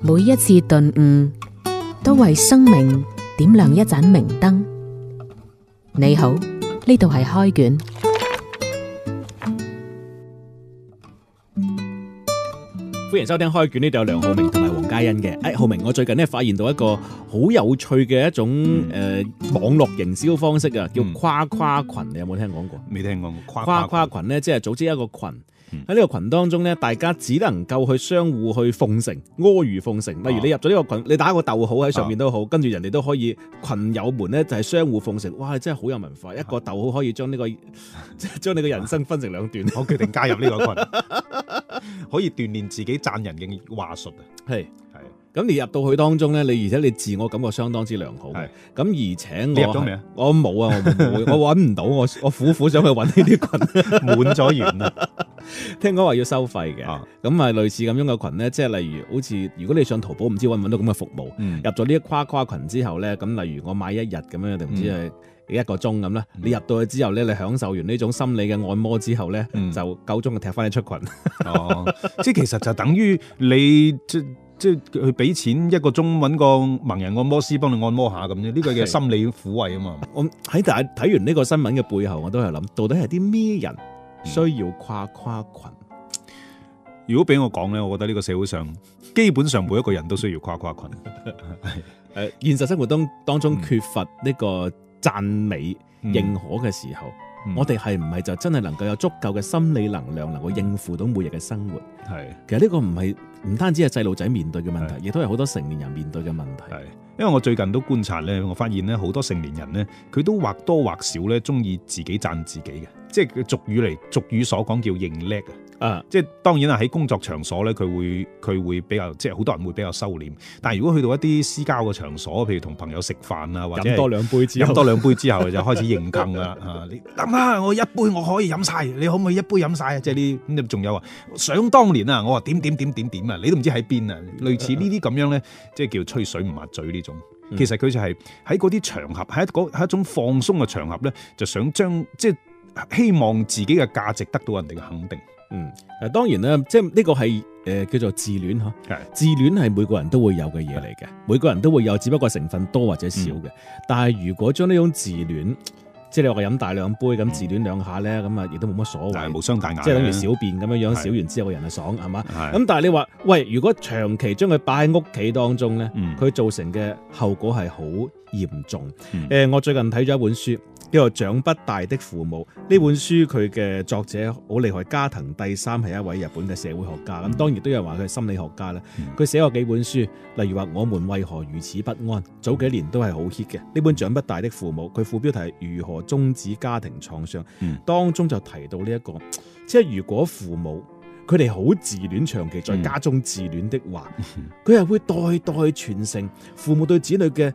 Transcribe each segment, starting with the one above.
每一次頓悟，都為生命點亮一盞明燈。你好，呢度係開卷，歡迎收聽開卷。呢度有梁浩明同埋黃嘉欣嘅。哎，浩明，我最近呢發現到一個好有趣嘅一種誒、嗯呃、網絡營銷方式啊，叫誇誇群。你有冇聽講過？未聽講過。誇誇群呢，即係組織一個群。喺呢個群當中咧，大家只能夠去相互去奉承，阿諛奉承。例如你入咗呢個群，你打個逗號喺上面都好，跟住人哋都可以群友們咧就係相互奉承。哇，真係好有文化！一個逗號可以將呢、這個，將 你嘅人生分成兩段。我、啊、決定加入呢個群， 可以鍛煉自己讚人嘅話術啊。係。咁你入到去當中咧，你而且你自我感覺相當之良好。咁而且我入咗未啊？我冇啊，我我搵唔到，我我苦苦想去搵呢啲群，滿咗員啦。聽講話要收費嘅，咁啊類似咁樣嘅群咧，即係例如好似如果你上淘寶唔知搵唔搵到咁嘅服務。入咗呢啲誇誇群之後咧，咁例如我買一日咁樣定唔知係一個鐘咁啦。你入到去之後咧，你享受完呢種心理嘅按摩之後咧，就夠鐘踢翻你出群。哦，即係其實就等於你。即係佢俾錢一個鐘揾個盲人按摩師幫你按摩下咁啫，呢個叫心理撫慰啊嘛。我喺大睇完呢個新聞嘅背後，我都係諗，到底係啲咩人需要誇夸群？嗯、如果俾我講咧，我覺得呢個社會上基本上每一個人都需要誇夸群。誒 現實生活當當中缺乏呢個讚美認可嘅時候。嗯嗯。嗯、我哋係唔係就真係能夠有足夠嘅心理能量，能夠應付到每日嘅生活？係的，其實呢個唔係唔單止係細路仔面對嘅問題，亦都係好多成年人面對嘅問題。係，因為我最近都觀察咧，我發現咧好多成年人咧，佢都或多或少咧，中意自己讚自己嘅，即係俗語嚟，俗語所講叫認叻啊。啊，嗯、即係當然啦，喺工作場所咧，佢會佢會比較即係好多人會比較收斂。但係如果去到一啲私交嘅場所，譬如同朋友食飯啊，飲多兩杯之後，飲多兩杯之後 就開始認更㗎啦。嚇、 啊、你等下，我一杯我可以飲晒，你可唔可以一杯飲晒？啊？即係呢，仲有話想當年啊，我話點點點點點啊，你都唔知喺邊啊。類似呢啲咁樣咧，即係叫吹水唔抹嘴呢種。其實佢就係喺嗰啲場合，喺一,一,一,一,一種放鬆嘅場合咧，就想將即係希望自己嘅價值得到人哋嘅肯定。嗯，誒，當然咧，即係呢個係誒叫做自戀吓，自戀係每個人都會有嘅嘢嚟嘅，每個人都會有，只不過成分多或者少嘅。但係如果將呢種自戀，即係你話飲大兩杯咁自戀兩下咧，咁啊亦都冇乜所謂，冇傷大雅，即係等於小便咁樣樣，小完之後個人係爽係嘛，咁但係你話喂，如果長期將佢擺喺屋企當中咧，佢造成嘅後果係好嚴重。誒，我最近睇咗一本書。呢個長不大的父母呢本書，佢嘅作者好厲害，加藤第三係一位日本嘅社會學家，咁當然都有人話佢係心理學家啦。佢、嗯、寫過幾本書，例如話、嗯、我們為何如此不安，早幾年都係好 hit 嘅。呢本長不大的父母，佢副標題係如何終止家庭創傷，嗯、當中就提到呢、這、一個，即係如果父母佢哋好自戀，長期在家中自戀的話，佢係、嗯嗯、會代代傳承父母對子女嘅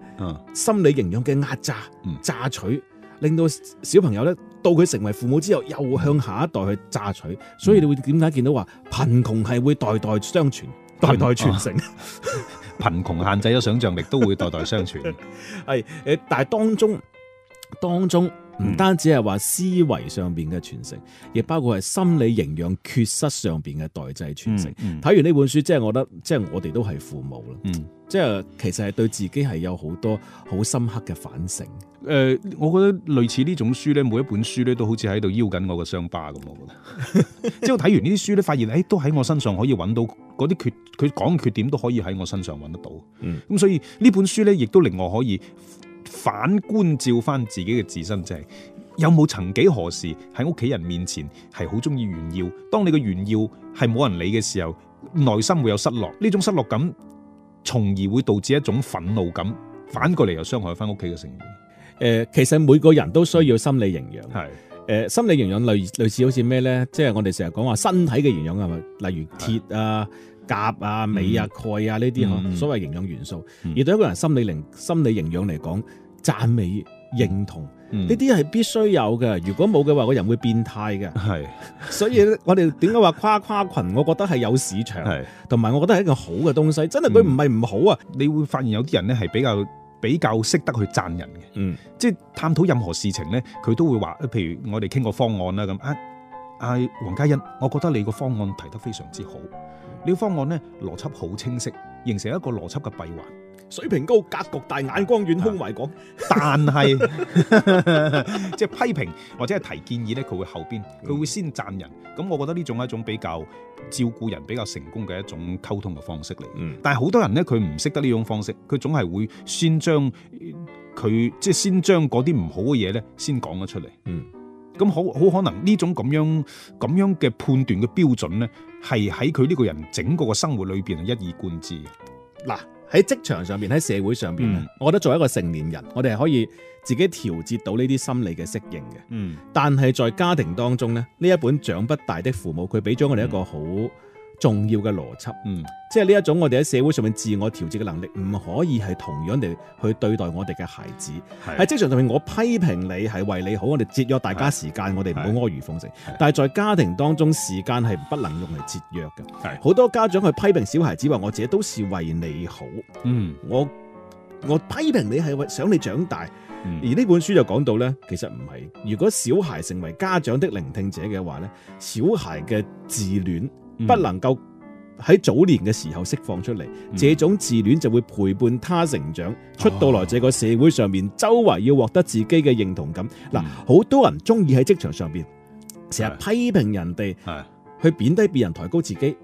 心理營養嘅壓榨、榨、嗯、取。令到小朋友咧，到佢成為父母之後，又向下一代去榨取，所以你會點解見到話、嗯、貧窮係會代代相傳、貧代代傳承、啊？貧窮限制咗想像力，都會代代相傳。係誒， 但係當中。當中唔單止係話思維上邊嘅傳承，亦包括係心理營養缺失上邊嘅代際傳承。睇、嗯、完呢本書，即係我覺得，即係我哋都係父母啦。嗯，即係、就是、其實係對自己係有好多好深刻嘅反省。誒、呃，我覺得類似呢種書咧，每一本書咧都好似喺度邀緊我個傷疤咁。我覺得，即係我睇完呢啲書咧，發現誒，都喺我身上可以揾到嗰啲缺，佢講缺點都可以喺我身上揾得到。咁所以呢本書咧，亦都令我可以。反觀照翻自己嘅自身，就係、是、有冇曾幾何時喺屋企人面前係好中意炫耀？當你嘅炫耀係冇人理嘅時候，內心會有失落，呢種失落感，從而會導致一種憤怒感，反過嚟又傷害翻屋企嘅成員。誒、呃，其實每個人都需要心理營養，係誒、嗯呃，心理營養類類似好似咩咧？即係我哋成日講話身體嘅營養係咪？例如鐵啊、鉀啊、鎂啊、鈣啊呢啲、嗯、所謂營養元素。嗯嗯嗯嗯、而對一個人心理靈心理營養嚟講，讚美認同呢啲係必須有嘅，如果冇嘅話，個人會變態嘅。係是， 所以我哋點解話誇誇群？我覺得係有市場，同埋是我覺得係一個好嘅東西。真係佢唔係唔好啊、嗯！你會發現有啲人咧係比較比較識得去讚人嘅。嗯，即係探討任何事情咧，佢都會話，譬如我哋傾個方案啦，咁啊啊，黃嘉欣，我覺得你個方案提得非常之好，你個方案咧邏輯好清晰，形成一個邏輯嘅閉環。水平高、格局大、眼光遠、胸懷廣，但係即係批評或者係提建議咧，佢會後邊佢會先讚人。咁、嗯、我覺得呢種係一種比較照顧人、比較成功嘅一種溝通嘅方式嚟。嗯，但係好多人咧，佢唔識得呢種方式，佢總係會先將佢即係先將嗰啲唔好嘅嘢咧先講咗出嚟。嗯，咁好好可能呢種咁樣咁樣嘅判斷嘅標準咧，係喺佢呢個人整個嘅生活裏邊係一以貫之。嗱、嗯。喺職場上邊，喺社會上邊，嗯，我覺得作為一個成年人，我哋係可以自己調節到呢啲心理嘅適應嘅。嗯，但係在家庭當中咧，呢一本長不大的父母，佢俾咗我哋一個好嗯重要嘅邏輯，嗯，即係呢一種我哋喺社會上面自我調節嘅能力，唔可以係同樣地去對待我哋嘅孩子。喺職的場上面，我批評你係為你好，我哋節約大家時間，的我哋唔好阿諛奉承。的但係在家庭當中，時間係不能用嚟節約嘅。好的多家長去批評小孩子，話我自己都是為你好。嗯，我我批評你係為想你長大。嗯、而呢本書就講到呢，其實唔係，如果小孩成為家長的聆聽者嘅話呢，小孩嘅自戀。嗯、不能夠喺早年嘅時候釋放出嚟，嗯、這種自戀就會陪伴他成長，嗯、出到來這個社會上面，周圍要獲得自己嘅認同感。嗱，好多人鍾意喺職場上邊成日批評人哋，去貶低別人抬高自己。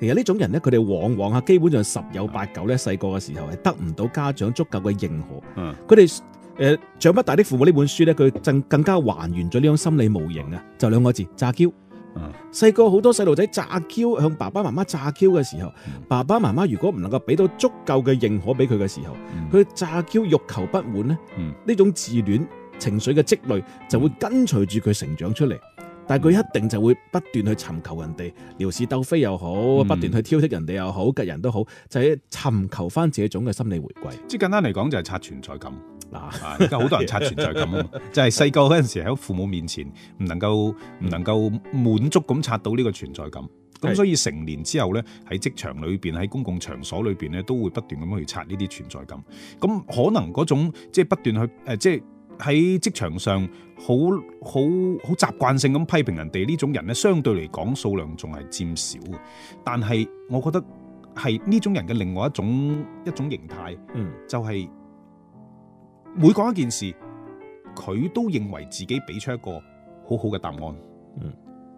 其實呢種人咧，佢哋往往下基本上十有八九咧，細個嘅時候係得唔到家長足夠嘅認可。佢哋誒長不大的父母呢本書咧，佢更加還原咗呢種心理模型啊，就兩個字：詐嬌。細個好多細路仔詐嬌，向爸爸媽媽詐嬌嘅時候，爸爸媽媽如果唔能夠俾到足夠嘅認可俾佢嘅時候，佢詐嬌欲求不滿呢，呢種自戀情緒嘅積累就會跟隨住佢成長出嚟。但係佢一定就會不斷去尋求人哋撩事鬥非又好，不斷去挑剔人哋又好，吉、嗯、人都好，就係、是、尋求翻自己種嘅心理回歸。即係簡單嚟講，就係刷存在感。嗱、啊，而家好多人刷存在感啊， 就係細個嗰陣時喺父母面前唔能夠唔、嗯、能夠滿足咁刷到呢個存在感，咁是，所以成年之後咧，喺職場裏邊，喺公共場所裏邊咧，都會不斷咁樣去刷呢啲存在感。咁可能嗰種即係不斷去誒、呃、即係。喺職場上，好好好習慣性咁批評人哋呢種人咧，相對嚟講數量仲係佔少嘅。但係我覺得係呢種人嘅另外一種一種形態，嗯，就係每講一件事，佢都認為自己俾出一個好好嘅答案，嗯，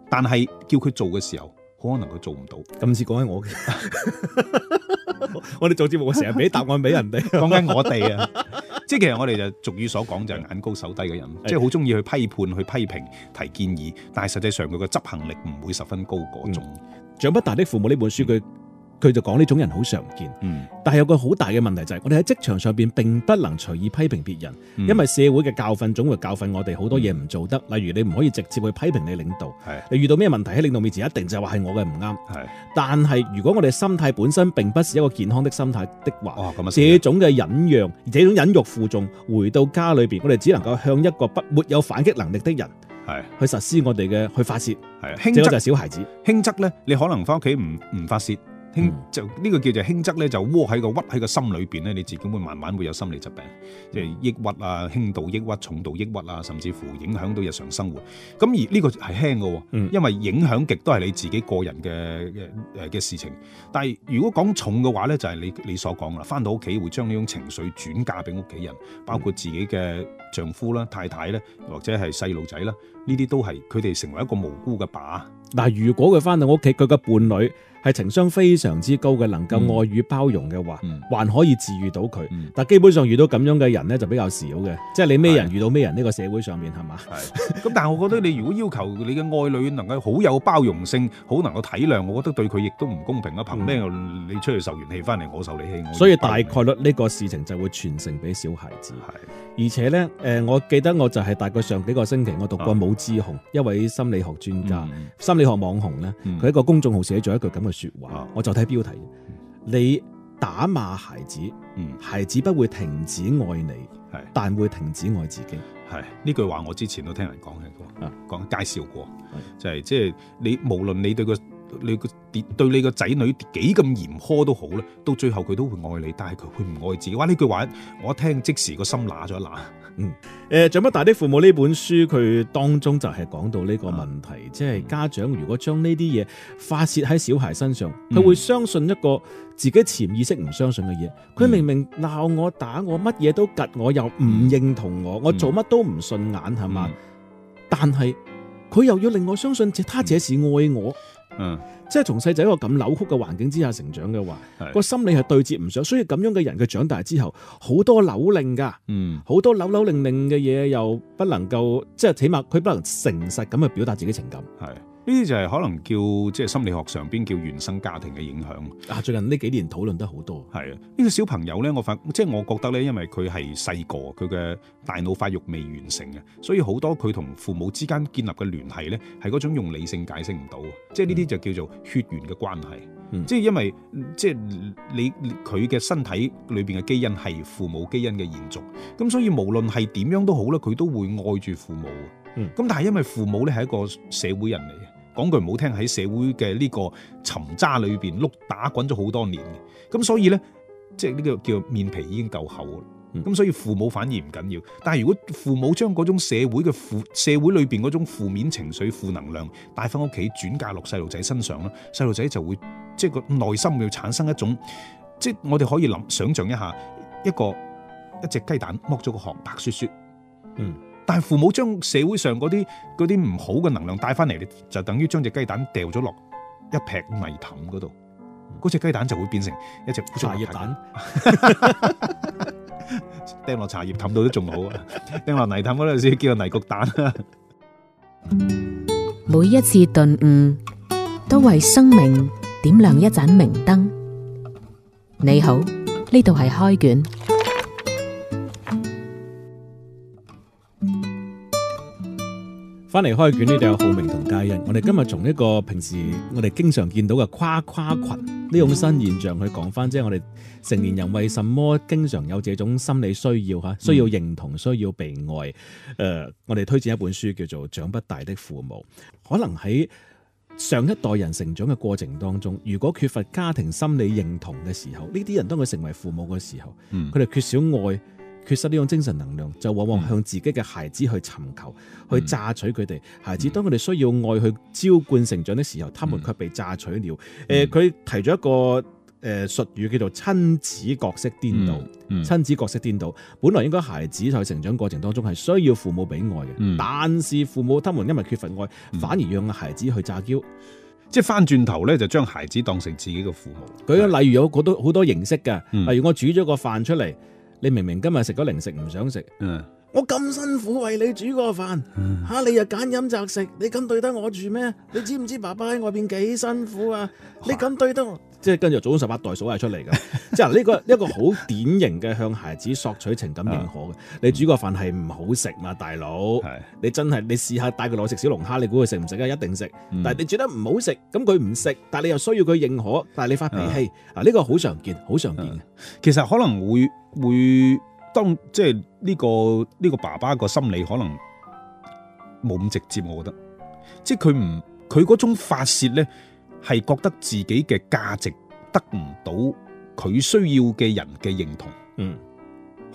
但係叫佢做嘅時候，好可能佢做唔到。今次講緊我，嘅， 我哋做節目我成日俾答案俾人哋，講緊 我哋啊。即係其實我哋就俗語所講，就係眼高手低嘅人，即係好中意去批判、去批評、提建議，但係實際上佢個執行力唔會十分高嗰種，嗯。長不大的父母呢本書佢。嗯佢就講呢種人好常見，嗯，但係有個好大嘅問題就係我哋喺職場上邊並不能隨意批評別人，因為社會嘅教訓總會教訓我哋好多嘢唔做得，例如你唔可以直接去批評你領導，你遇到咩問題喺領導面前一定就話係我嘅唔啱，但係如果我哋心態本身並不是一個健康的心態的話，哇咁這種嘅忍讓，這種忍辱負重，回到家裏邊，我哋只能夠向一個不沒有反擊能力的人去實施我哋嘅去發泄，係，輕則就係小孩子輕則呢，你可能翻屋企唔唔發泄。輕、嗯、就呢、呢個叫做輕則咧，就窩喺個屈喺個心裏邊咧，你自己會慢慢會有心理疾病，即係抑鬱啊，輕度抑鬱、重度抑鬱啊，甚至乎影響到日常生活。咁而呢個係輕嘅，嗯、因為影響極都係你自己個人嘅誒嘅事情。但係如果講重嘅話咧，就係、是、你你所講啦，翻到屋企會將呢種情緒轉嫁俾屋企人，包括自己嘅丈夫啦、太太咧，或者係細路仔啦，呢啲都係佢哋成為一個無辜嘅靶。嗱，如果佢翻到屋企，佢嘅伴侶係情商非常之高嘅，能夠愛與包容嘅話，嗯、還可以治愈到佢。嗯、但基本上遇到咁樣嘅人呢，就比較少嘅。嗯、即係你咩人遇到咩人呢個社會上面係嘛？咁但係我覺得你如果要求你嘅愛侶能夠好有包容性，好能夠體諒，我覺得對佢亦都唔公平啊！憑咩你出去受完氣翻嚟，我受你氣？我你所以大概率呢個事情就會傳承俾小孩子。的而且呢，誒、呃，我記得我就係大概上幾個星期，我讀過武志紅一位心理學專家、嗯嗯你學網紅咧，佢一個公眾號寫咗、嗯、一句咁嘅說話，啊、我就睇標題。嗯、你打罵孩子，嗯、孩子不會停止愛你，係是 但會停止愛自己。係呢句話我之前都聽人講嘅，講介紹過，介紹過是 就係、是、即係你無論你對個你個對，對你個仔女跌幾咁嚴苛都好咧，到最後佢都會愛你，但係佢會唔愛自己。哇！呢句話我一聽即時個心乸咗乸。 嗯，誒，長不大啲父母呢本書佢當中就係講到呢個問題，啊、即係家長如果將呢啲嘢發洩喺小孩身上，佢、嗯、會相信一個自己潛意識唔相信嘅嘢，佢、嗯、明明鬧我打我乜嘢都及我又唔認同我，嗯、我做乜都唔順眼係嘛，嗯、但係佢又要令我相信即係他這是愛我。嗯嗯嗯，即係從細仔一個咁扭曲嘅環境之下成長嘅話，個是心理係對接唔上，所以咁樣嘅人佢長大之後，好多扭擰噶，嗯，好多扭扭擰擰嘅嘢，又不能夠，即係起碼佢不能誠實咁去表達自己情感，係。呢啲就係可能叫即係心理學上邊叫原生家庭嘅影響。啊，最近呢幾年討論得好多。係啊，呢個小朋友咧，我發即係我覺得咧，因為佢係細個，佢嘅大腦發育未完成嘅，所以好多佢同父母之間建立嘅聯繫咧，係嗰種用理性解釋唔到，即係呢啲就叫做血緣嘅關係。嗯，即係因為即係你佢嘅身體裏邊嘅基因係父母基因嘅延續，咁所以無論係點樣都好咧，佢都會愛住父母。嗯，咁但係因為父母咧係一個社會人嚟嘅。講句唔好聽，喺社會嘅呢個沉渣裏邊碌打滾咗好多年嘅，咁所以咧，即係呢個叫面皮已經夠厚啦。咁、嗯、所以父母反而唔緊要，但係如果父母將嗰種社會嘅負社會裏邊嗰種負面情緒、負能量帶翻屋企，轉嫁落細路仔身上咧，細路仔就會即係個內心會產生一種，即係我哋可以諗想像一下一個一隻雞蛋剝咗個殼，白雪雪，嗯。但係父母將社會上嗰啲嗰啲唔好嘅能量帶翻嚟，你就等於將隻雞蛋掉咗落一劈泥凼嗰度，嗰隻雞蛋就會變成一隻茶葉蛋，掟落茶葉凼到都仲好啊，掟落泥凼嗰陣時叫個泥焗蛋。每一次頓悟都為生命點亮一盞明燈。你好，呢度係開卷。翻嚟開卷呢度有浩明同佳欣，我哋今日從一個平時我哋經常見到嘅誇誇群呢種新現象去講翻，即係我哋成年人為什麼經常有這種心理需要吓，需要認同，需要被愛。誒、呃，我哋推薦一本書叫做《長不大的父母》，可能喺上一代人成長嘅過程當中，如果缺乏家庭心理認同嘅時候，呢啲人當佢成為父母嘅時候，佢哋缺少愛。缺失呢種精神能量，就往往向自己嘅孩子去尋求，嗯、去榨取佢哋。孩子當佢哋需要愛去澆灌成長的時候，他們卻被榨取了。誒、嗯、佢、呃、提咗一個誒術、呃、語叫做親子角色顛倒。親、嗯嗯、子角色顛倒，本來應該孩子在成長過程當中係需要父母俾愛嘅，嗯、但是父母他們因為缺乏愛，嗯、反而讓孩子去詐嬌，即係翻轉頭呢，就將孩子當成自己嘅父母。佢對例如有好多好多形式嘅，例如我煮咗個飯出嚟。你明明今日食咗零食唔想食，嗯、我咁辛苦為你煮個飯，吓、嗯、你又揀飲擇食，你咁對得我住咩？你知唔知爸爸喺外邊幾辛苦啊？你咁對得，我，啊、即係跟住祖宗十八代數係出嚟噶。 即係呢個一個好典型嘅向孩子索取情感認可嘅。嗯、你煮個飯係唔好食嘛，大佬是，你真係你試下帶佢嚟食小龍蝦，你估佢食唔食啊？一定食。嗯、但係你煮得唔好食，咁佢唔食，但係你又需要佢認可，但係你發脾氣，嗱呢、嗯、個好常見，好常見。其實可能會。會當即係呢個呢個爸爸個心理可能冇咁直接，我覺得，即係佢唔佢嗰種發洩咧，係覺得自己嘅價值得唔到佢需要嘅人嘅認同，嗯，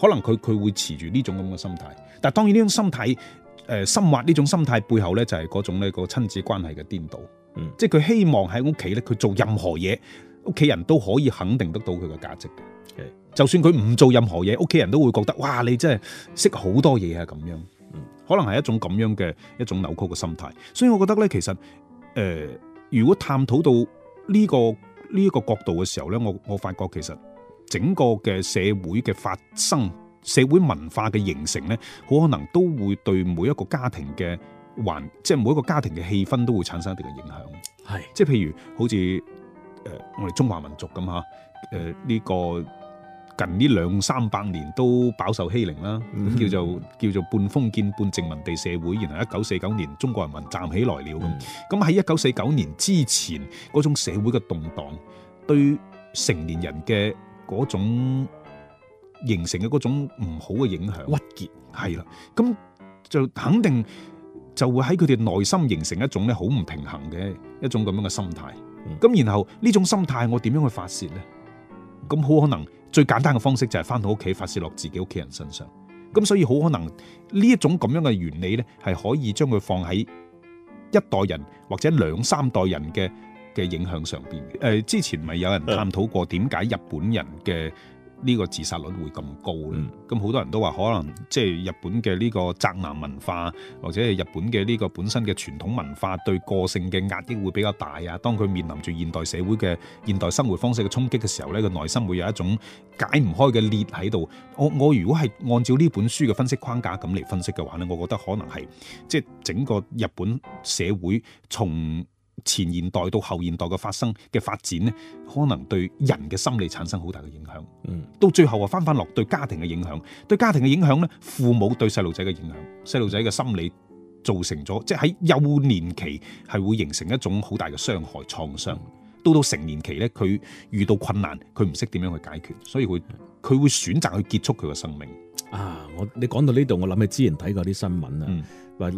可能佢佢會持住呢種咁嘅心態，但係當然呢種心態誒、呃，深挖呢種心態背後咧就係、是、嗰種呢個親子關係嘅顛倒，嗯，即係佢希望喺屋企咧，佢做任何嘢，屋企人都可以肯定得到佢嘅價值嘅。嗯就算佢唔做任何嘢，屋企人都會覺得哇，你真係識好多嘢啊！咁樣，嗯，可能係一種咁樣嘅一種扭曲嘅心態。所以，我覺得咧，其實誒，如果探討到呢個呢一個角度嘅時候咧，我我發覺其實整個嘅社會嘅發生、社會文化嘅形成咧，好可能都會對每一個家庭嘅環，即係每一個家庭嘅氣氛都會產生一定嘅影響。係即係譬如好似誒我哋中華民族咁嚇誒呢個。近呢兩三百年都飽受欺凌啦，叫做、嗯、哼叫做半封建半殖民地社會。然後一九四九年中國人民站起來了咁。咁喺一九四九年之前嗰種社會嘅動盪，對成年人嘅嗰種形成嘅嗰種唔好嘅影響，鬱結。係啦，咁就肯定就會喺佢哋內心形成一種咧好唔平衡嘅一種咁樣嘅心態。咁、嗯、然後呢種心態我點樣去發泄呢？咁好可能。最簡單嘅方式就係返到屋企發泄落自己屋企人身上，咁所以好可能呢一種咁樣嘅原理呢，係可以將佢放喺一代人或者兩三代人嘅嘅影響上邊嘅。誒，之前咪有人探討過點解日本人嘅呢個自殺率會咁高咧？嗯、咁好多人都話可能即係、就是，日本嘅呢個宅男文化，或者係日本嘅呢個本身嘅傳統文化對個性嘅壓抑會比較大啊。當佢面臨住現代社會嘅現代生活方式嘅衝擊嘅時候呢，佢內心會有一種解唔開嘅裂喺度。我，我如果係按照呢本書嘅分析框架咁嚟分析嘅話呢，我覺得可能係即係整個日本社會從。前現代到後現代嘅發生嘅發展呢，可能對人嘅心理產生好大嘅影響。嗯，到最後啊，翻翻落對家庭嘅影響，對家庭嘅影響呢，父母對細路仔嘅影響，細路仔嘅心理造成咗，即係喺幼年期係會形成一種好大嘅傷害創傷。到、嗯、到成年期呢，佢遇到困難，佢唔識點樣去解決，所以會佢、嗯、會選擇去結束佢嘅生命。啊，我你講到呢度，我諗起之前睇過啲新聞啊，嗯、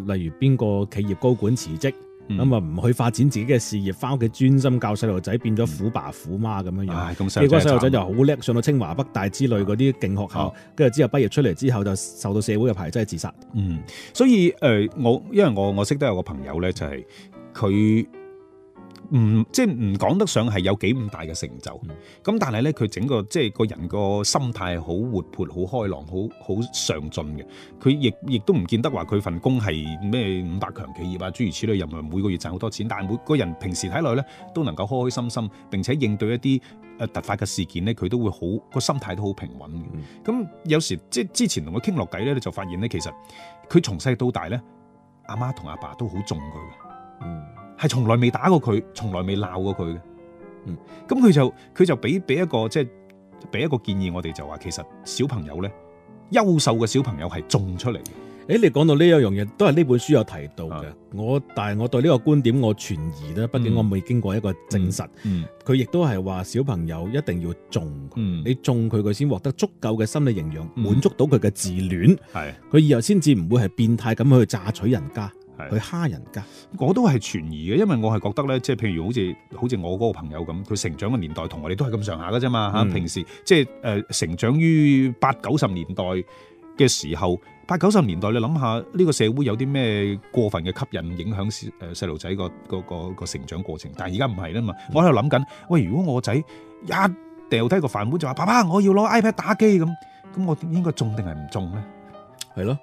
例如邊個企業高管辭職職。咁啊，唔、嗯、去發展自己嘅事業，翻屋企專心教細路仔，變咗虎爸虎媽咁樣樣。結果細路仔就好叻，上到清華、北大之類嗰啲勁學校，跟住、嗯、之後畢業出嚟之後就受到社會嘅排擠，自殺。嗯，所以誒、呃，我因為我我識得有個朋友咧，就係、是、佢。唔即係唔講得上係有幾咁大嘅成就，咁、嗯、但係咧佢整個即係、就是、個人個心態好活潑、好開朗、好好上進嘅。佢亦亦都唔見得話佢份工係咩五百強企業啊，諸如此類又唔係每個月賺好多錢，但係每個人平時睇落咧都能夠開開心心，並且應對一啲誒突發嘅事件咧，佢都會好個心態都好平穩嘅。咁、嗯、有時即係之前同佢傾落偈咧，你就發現咧其實佢從細到大咧，阿媽同阿爸都好重佢。嗯係從來未打過佢，從來未鬧過佢嘅。嗯，咁佢、嗯、就佢就俾俾一個即係俾一個建議我，我哋就話其實小朋友咧，優秀嘅小朋友係種出嚟嘅。誒、欸，你講到呢一樣嘢，都係呢本書有提到嘅。是我但係我對呢個觀點我存疑啦，畢竟我未經過一個證實。嗯，佢、嗯、亦、嗯、都係話小朋友一定要種，嗯、你種佢佢先獲得足夠嘅心理營養，滿、嗯、足到佢嘅自戀。係、嗯，佢是以後先至唔會係變態咁去榨取人家。佢蝦人㗎，我都係存疑嘅，因為我係覺得咧，即係譬如好似好似我嗰個朋友咁，佢成長嘅年代同我哋都係咁上下嘅啫嘛嚇。平時即係誒成長於八九十年代嘅時候，八九十年代你諗下呢個社會有啲咩過分嘅吸引影響誒細路仔個個個個成長過程，但係而家唔係吖嘛。我喺度諗緊，喂，如果我個仔一掉低個飯碗就話，爸爸我要攞 iPad 打機咁，咁我應該中定係唔中咧？係咯。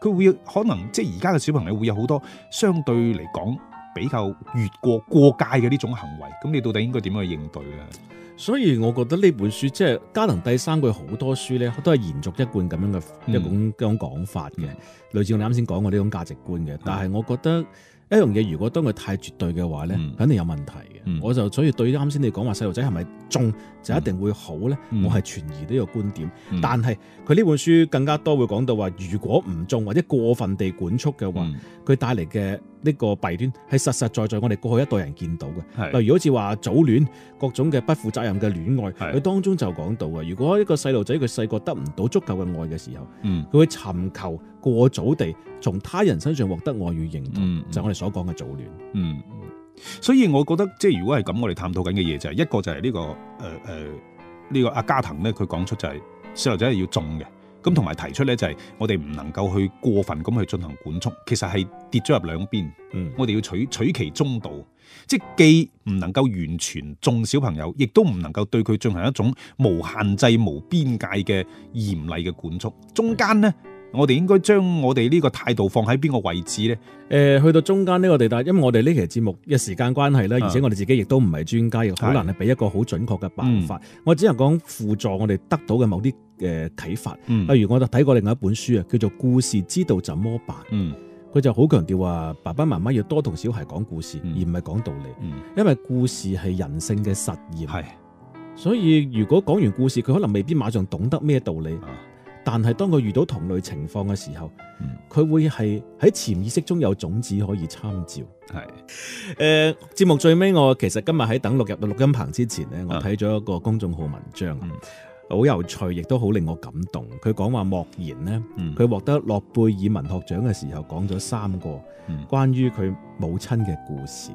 佢會可能即係而家嘅小朋友會有好多相對嚟講比較越過越過界嘅呢種行為，咁你到底應該點樣去應對咧？所以我覺得呢本書即係加藤諦三句好多書咧，都係延續一貫咁樣嘅、嗯、一種咁講法嘅，類似我哋啱先講過呢種價值觀嘅，嗯、但係我覺得。一樣嘢，如果當佢太絕對嘅話咧，嗯、肯定有問題嘅。嗯、我就所以對於啱先你講話細路仔係咪縱，就一定會好咧？嗯、我係存疑呢個觀點。嗯、但係佢呢本書更加多會講到話，如果唔縱或者過分地管束嘅話，佢帶嚟嘅。.呢個弊端係實實在在我哋過去一代人見到嘅。是例如好似話早戀各種嘅不負責任嘅戀愛，佢是當中就講到啊：如果一個細路仔佢細個得唔到足夠嘅愛嘅時候，佢、嗯、會尋求過早地從他人身上獲得愛與認同，嗯、就係我哋所講嘅早戀。嗯，所以我覺得即係如果係咁，我哋探討緊嘅嘢就係一個就係呢、這個誒誒呢個阿加藤咧，佢講出就係細路仔係要種嘅。咁同埋提出咧，就係、是、我哋唔能夠去過分咁去進行管束，其實係跌咗入兩邊。嗯，我哋要取取其中度，即既唔能夠完全縱小朋友，亦都唔能夠對佢進行一種無限制、無邊界嘅嚴厲嘅管束，中間呢。嗯我哋應該將我哋呢個態度放喺邊個位置呢？誒、呃，去到中間呢個地帶，因為我哋呢期節目嘅時間關係咧，而且我哋自己亦都唔係專家，又好難係俾一個好準確嘅辦法。嗯、我只能講輔助我哋得到嘅某啲嘅啟發。嗯、例如，我就睇過另外一本書啊，叫做《故事知道怎麼辦》。佢、嗯、就好強調啊，爸爸媽媽要多同小孩講故事，嗯、而唔係講道理。嗯、因為故事係人性嘅實驗。是所以如果講完故事，佢可能未必馬上懂得咩道理。但係當佢遇到同類情況嘅時候，佢會係喺潛意識中有種子可以參照。係誒，節目最尾我其實今日喺等錄入到錄音棚之前呢，我睇咗一個公眾號文章，好有趣，亦都好令我感動。佢講話莫言呢，佢獲得諾貝爾文學獎嘅時候，講咗三個關於佢母親嘅故事。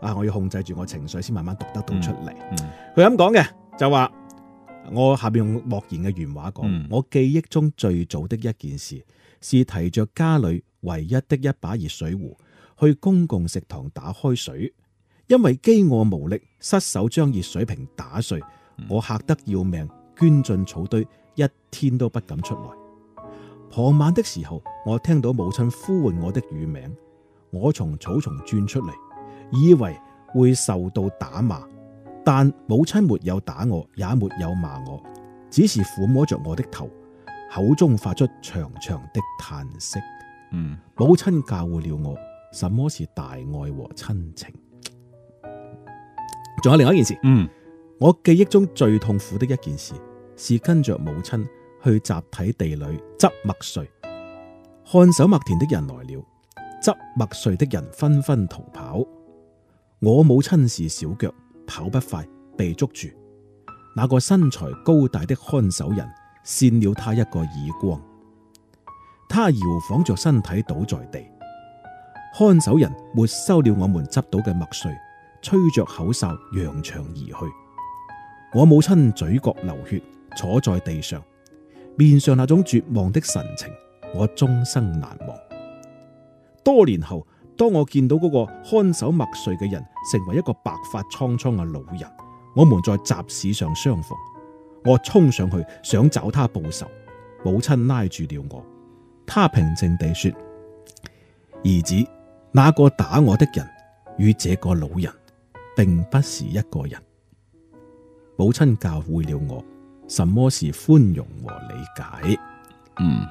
啊，我要控制住我情緒先，慢慢讀得到出嚟。佢咁講嘅就話。我下面用莫言嘅原話講，我記憶中最早的一件事，是提着家裏唯一的一把熱水壺去公共食堂打開水，因為飢餓無力，失手將熱水瓶打碎，我嚇得要命，鑽進草堆，一天都不敢出來。傍晚的時候，我聽到母親呼喚我的乳名，我從草叢鑽出嚟，以為會受到打罵。但母親沒有打我，也沒有罵我，只是撫摸着我的頭，口中發出長長的嘆息。嗯，母親教會了我什麼是大愛和親情。仲有另外一件事，嗯，我記憶中最痛苦的一件事是跟着母親去集體地裏執麥穗。看守麥田的人來了，執麥穗的人紛紛逃跑。我母親是小腳。跑不快，被捉住。那個身材高大的看守人扇了他一個耳光，他搖晃着身體倒在地。看守人沒收了我們執到嘅墨碎，吹着口哨揚長而去。我母親嘴角流血，坐在地上，面上那種絕望的神情，我終生難忘。多年後。當我見到嗰個看守麥穗嘅人成為一個白髮蒼蒼嘅老人，我們在集市上相逢，我衝上去想找他報仇。母親拉住了我，她平靜地說：兒子，那個打我的人與這個老人並不是一個人。母親教會了我什麼是寬容和理解。嗯。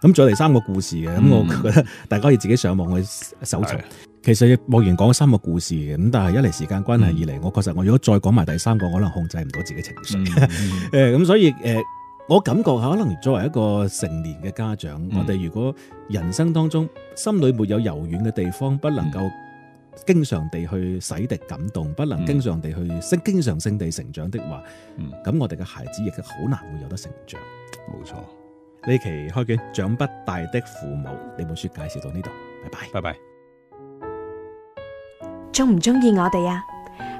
咁再嚟三個故事嘅，咁、嗯、我覺得大家可以自己上網去搜尋。的其實莫言講三個故事嘅，咁但係一嚟時間關係，二嚟、嗯、我確實我如果再講埋第三個，可能控制唔到自己情緒。誒、嗯、咁、嗯 呃、所以誒、呃，我感覺可能作為一個成年嘅家長，嗯、我哋如果人生當中心裏沒有柔軟嘅地方，不能夠經常地去洗滌感動，不能經常地去成、嗯、經常性地成長的話，咁、嗯嗯、我哋嘅孩子亦都好難會有得成長。冇錯。呢期開卷長不大的父母，呢本書介紹到呢度，拜拜，拜拜。鍾唔鍾意我哋啊？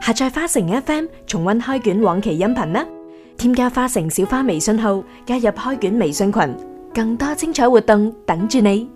下載花城 FM 重溫開卷往期音頻啦，添加花城小花微信號，加入開卷微信群，更多精彩活動等住你。